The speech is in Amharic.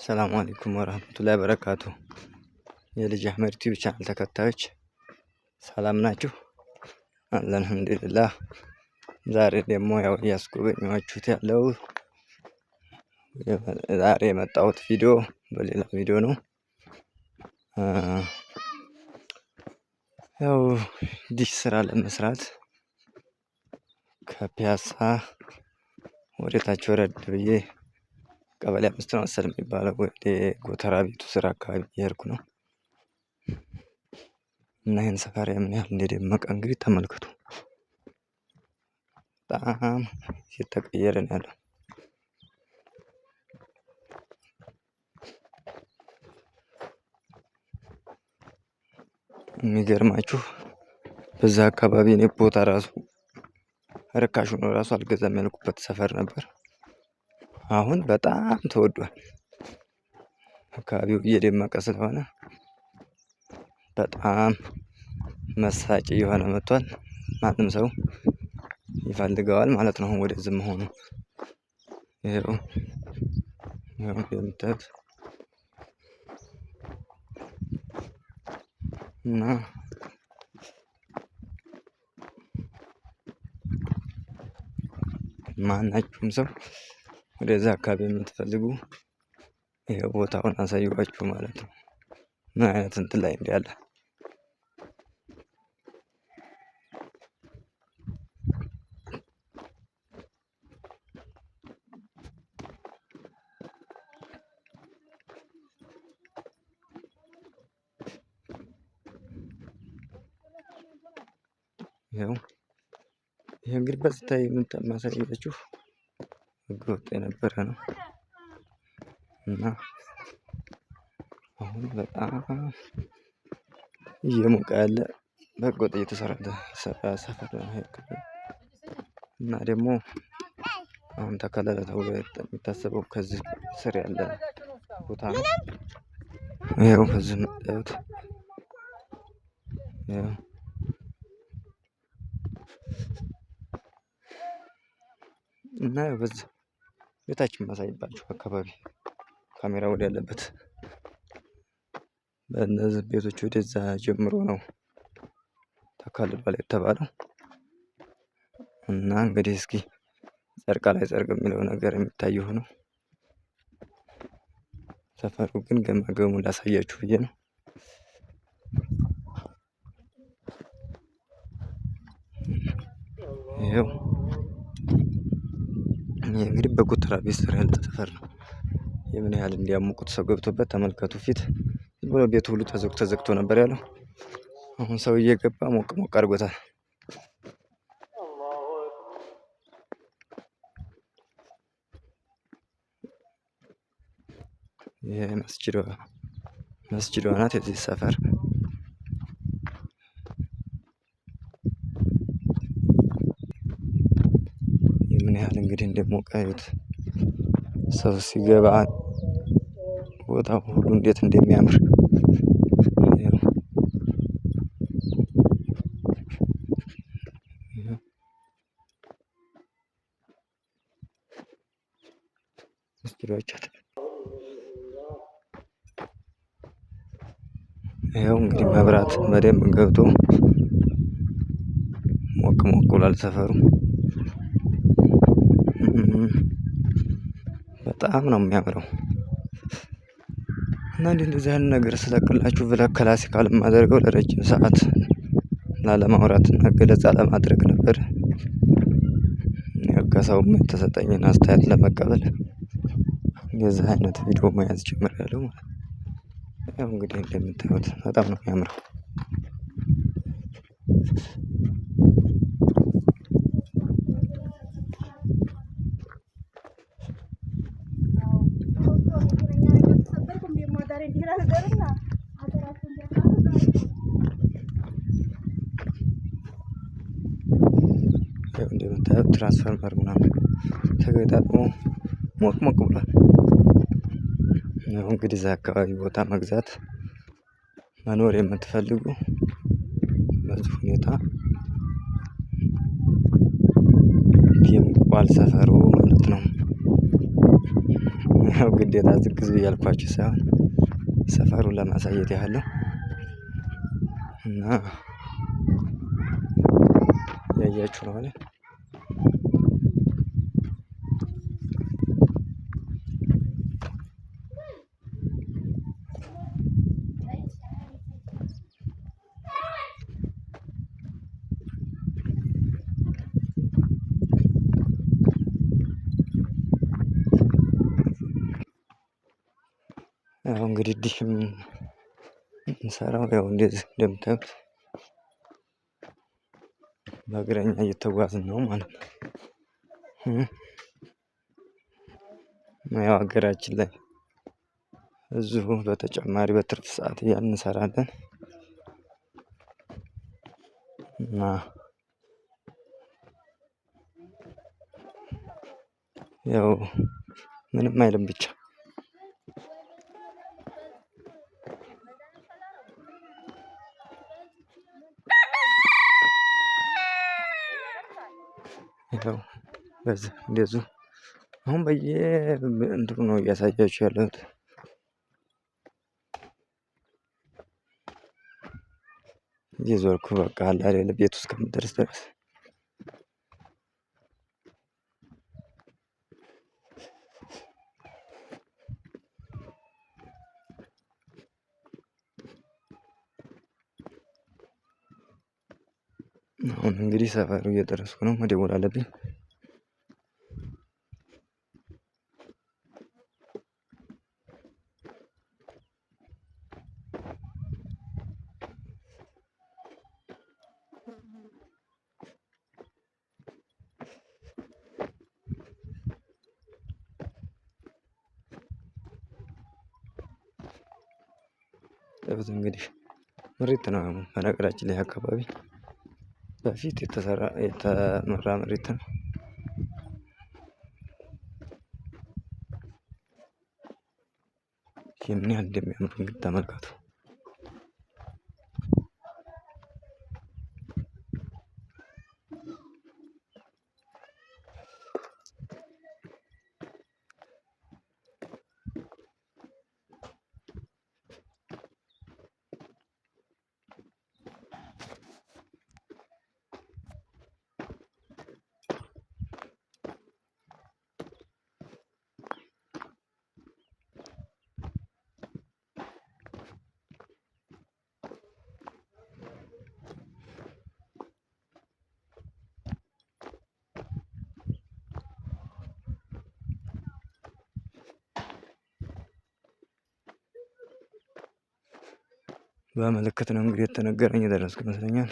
ሰላም አለይኩም ወራህመቱላሂ በረካቱ። የልጅ አህመድ ዩቲዩብ ቻናል ተከታዮች ሰላም ናችሁ? አልሐምዱሊላህ። ዛሬ ደግሞ ያው እያስጎበኘኋችሁት ያለው ዛሬ የመጣሁት ቪዲዮ በሌላ ቪዲዮ ነው። ያው ዲሽ ስራ ለመስራት ከፒያሳ ወደታች ወረድ ብዬ ቀበሌ አምስት ነው መሰለኝ የሚባለው ወደ ጎተራ ቤቱ ስራ አካባቢ እየሄድኩ ነው። እና ይህን ሰፈር ምን ያህል እንደደመቀ እንግዲህ ተመልከቱ። በጣም እየተቀየረ ነው ያለው። የሚገርማችሁ በዛ አካባቢ እኔ ቦታ ራሱ ርካሽ ሆኖ ራሱ አልገዛም ያልኩበት ሰፈር ነበር አሁን በጣም ተወዷል። አካባቢው እየደመቀ ስለሆነ በጣም መሳጭ እየሆነ መጥቷል። ማንም ሰው ይፈልገዋል ማለት ነው። አሁን ወደዚህ መሆኑ ይኸው እና ማናችሁም ሰው ወደዛ አካባቢ የምትፈልጉ ይህ ቦታውን አሳይኋችሁ ማለት ነው። ምን አይነት እንትን ላይ እንዳለ ይኸው ይህ እንግዲህ በዚህ ታይ የምታማሳያችሁ ችግሮት የነበረ ነው እና አሁን በጣም እየሞቀ ያለ በቆጥ እየተሰራ ሰፈር እና ደግሞ አሁን ተከለለ ተብሎ የሚታሰበው ከዚህ ስር ያለ ቦታ ነው። ይኸው ከዚህ የምታዩት እና በዚህ ቤታችን ማሳይባችሁ አካባቢ ካሜራ ወደ ያለበት በእነዚህ ቤቶች ወደዛ ጀምሮ ነው ተካልሏል የተባለው እና እንግዲህ እስኪ ላይ አይጸድቅም የሚለው ነገር የሚታየው ነው። ሰፈሩ ግን ገማገሙ እንዳሳያችሁ ብዬ ነው። ይኸው ይህ እንግዲህ በጎተራ ቤት ስራ ያለ ነው። የምን ያህል እንዲያሞቁት ሰው ገብቶበት ተመልከቱ ፊት ብሎ ቤቱ ሁሉ ተዘግቶ ተዘግቶ ነበር ያለው። አሁን ሰው እየገባ ሞቅ ሞቅ አድርጎታል። ይሄ መስጂዷ ናት የዚህ ሰፈር ደግሞ ቀዩት ሰው ሲገባ ቦታው ሁሉ እንዴት እንደሚያምር ይኸው እንግዲህ መብራት በደንብ ገብቶ ሞቅ ሞቅ ብሏል ሰፈሩ በጣም ነው የሚያምረው። እና እንዲህ እንደዚህ አይነት ነገር ስለቅላችሁ ብለህ ክላሲካል የማደርገው ለረጅም ሰዓት ላለማውራት እና ገለጻ ለማድረግ ነበር። ከሰው የተሰጠኝን አስተያየት ለመቀበል የዚህ አይነት ቪዲዮ መያዝ ያለው ማለት ያው እንግዲህ እንደምታዩት በጣም ነው የሚያምረው። ትራንስፈርመር ምናምን ተገጣጥሞ ሞቅ ሞቅ ብሏል። እንግዲህ እዛ አካባቢ ቦታ መግዛት መኖር የምትፈልጉ በዚህ ሁኔታ ደምቋል ሰፈሩ ማለት ነው። ያው ግዴታ ዝቅ እያልኳችሁ ሳይሆን ሰፈሩን ለማሳየት ያህል ነው። እና እያያችሁ ነው ነው። እንግዲህ ዲሽ የምንሰራው ያው እንደዚህ እንደምታዩት በእግረኛ እየተጓዝን ነው ማለት ነው። ያው ሀገራችን ላይ እዚሁ በተጨማሪ በትርፍ ሰዓት እያልን እንሰራለን እና ያው ምንም አይልም ብቻ ይኸው በዛ እንደዙ አሁን በየ እንትኑ ነው እያሳያችሁ ያለሁት። እየዞርኩ በቃ አለ አይደለ ቤት ውስጥ ከምደርስ ድረስ አሁን እንግዲህ ሰፈሩ እየደረስኩ ነው። መደወል አለብኝ። እንግዲህ ምሪት ነው በነገራችን ላይ አካባቢ በፊት የተሰራ የተመራ መሬትን ይህ ምን ያህል እንደሚያምር እንግዲህ ተመልከቱ። በምልክት ነው እንግዲህ የተነገረኝ የደረስኩ ይመስለኛል